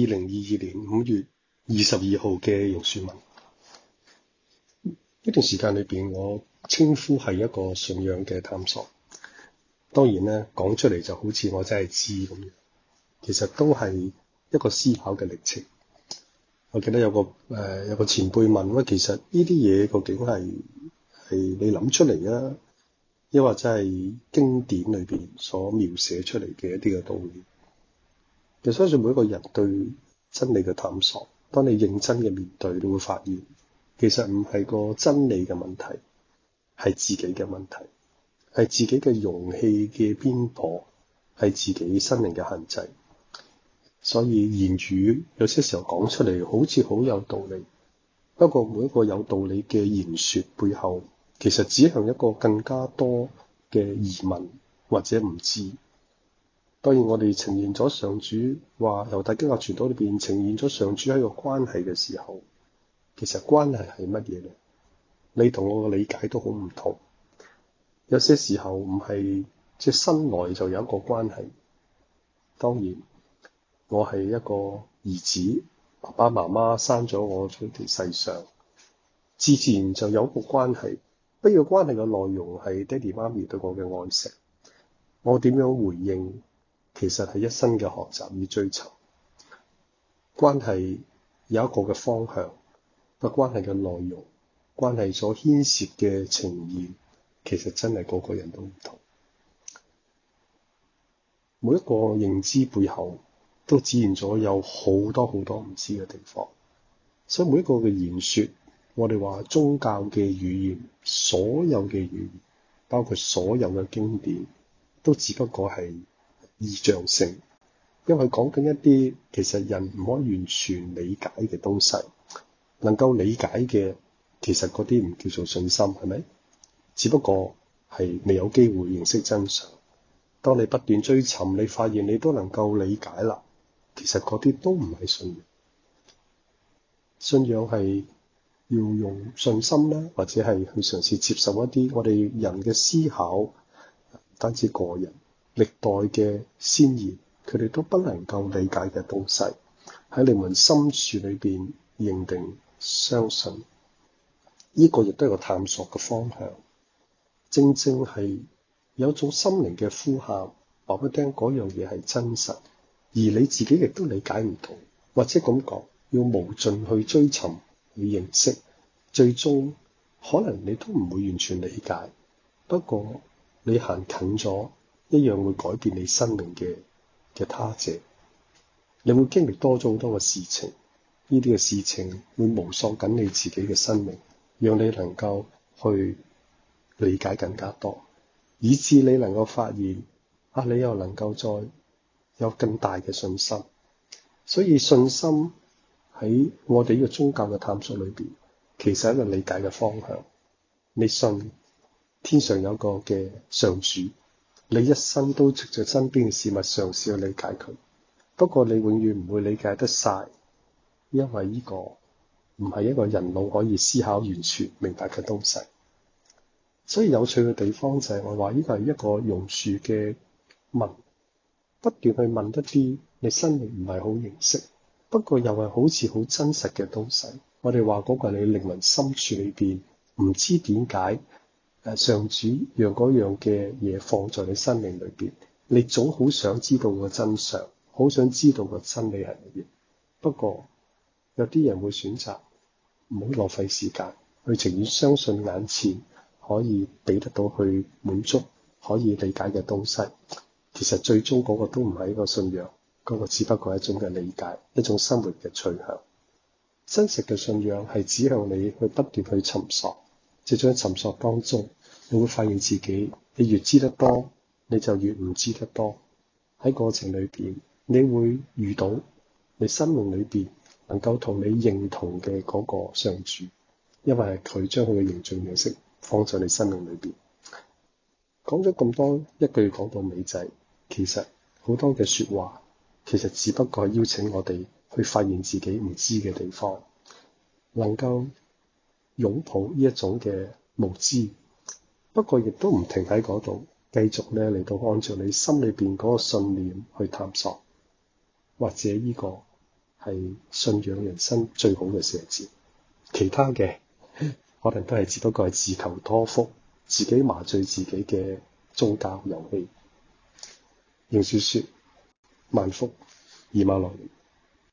二零二二年五月二十二號嘅榕樹文，呢段時間裏邊，我稱呼係一個信仰嘅探索。當然咧，講出嚟就好似我真係知咁樣，其實都係一個思考嘅歷程。我記得有個誒、呃、有個前輩問我：其實呢啲嘢究竟係係你諗出嚟啊，抑或真係經典裏邊所描寫出嚟嘅一啲嘅道理？就相信每個人對真理嘅探索，當你認真嘅面對，你會發現，其實唔係個真理嘅問題，係自己嘅問題，係自己嘅容器嘅偏頗，係自己心靈嘅限制。所以言語有些時候講出嚟，好似好有道理，不過每一個有道理嘅言說背後，其實指向一個更加多嘅疑問或者唔知。當然，我哋呈現咗上主話由《大經》嘅傳道裏邊呈現咗上主喺個關係嘅時候，其實關係係乜嘢咧？你同我嘅理解都好唔同。有些時候唔係即係生來就有一個關係。當然，我係一個兒子，爸爸媽媽生咗我喺條世上，自然就有一個關係。不過關係嘅內容係爹哋媽咪對我嘅愛錫，我點樣回應？其實係一生嘅學習與追尋關係有一個嘅方向，但關係嘅內容，關係所牽涉嘅情義，其實真係個個人都唔同。每一個認知背後都展現咗有好多好多唔知嘅地方，所以每一個嘅言説，我哋話宗教嘅語言，所有嘅語言，包括所有嘅經典，都只不過係，意象性，因為講緊一啲其實人唔可以完全理解嘅東西，能夠理解嘅其實嗰啲唔叫做信心，係咪？只不過係未有機會認識真相。當你不斷追尋，你發現你都能夠理解啦。其實嗰啲都唔係信仰。信仰係要用信心啦，或者係去嘗試接受一啲我哋人嘅思考，單止個人。歷代嘅先賢，佢哋都不能夠理解嘅東西，喺靈魂深處裏邊認定相信呢、呢個，亦都係個探索嘅方向。正正係有種心靈嘅呼喊，話俾聽嗰樣嘢係真實，而你自己亦都理解唔到，或者咁講，要無盡去追尋去認識，最終可能你都唔會完全理解。不過你行近咗。一樣會改變你生命嘅嘅他者，你會經歷多咗好多嘅事情，呢啲嘅事情會無數緊你自己嘅生命，讓你能夠去理解更加多，以至你能夠發現啊，你又能夠再有更大嘅信心。所以信心喺我哋呢個宗教嘅探索裏邊，其實係一個理解嘅方向。你信天上有一個嘅上主。你一生都藉着身邊嘅事物嘗試去理解佢，不過你永遠唔會理解得晒，因為呢個唔係一個人腦可以思考完全明白嘅東西。所以有趣嘅地方就係我話呢個係一個榕樹嘅問，不斷去問一啲你身歷唔係好認識，不過又係好似好真實嘅東西。我哋話嗰個係你靈魂深處裏邊，唔知點解。上主讓嗰樣嘅嘢放在你生命裏邊，你總好想知道個真相，好想知道個真理係乜嘢。不過有啲人會選擇唔好浪費時間，去情願相信眼前可以俾得到去滿足，可以理解嘅東西。其實最終嗰個都唔係一個信仰，嗰、嗰個只不過係一種嘅理解，一種生活嘅取向。真實嘅信仰係指向你不斷去不斷去尋索。即在咁嘅尋索當中，你會發現自己，你越知得多，你就越唔知得多。喺過程裏邊，你會遇到你生命裏邊能夠同你認同嘅嗰個上主，因為佢將佢嘅形象模式放在你生命裏邊。講咗咁多，一句講到尾仔，其實好多嘅説話，其實只不過係邀請我哋去發現自己唔知嘅地方，能夠，擁抱呢一種嘅無知，不過亦都唔停喺嗰度，繼續咧嚟到按照你心裏邊嗰個信念去探索，或者呢個係信仰人生最好嘅寫字，其他嘅可能都係只不過係自求多福，自己麻醉自己嘅宗教遊戲。榕樹説：萬福二萬六。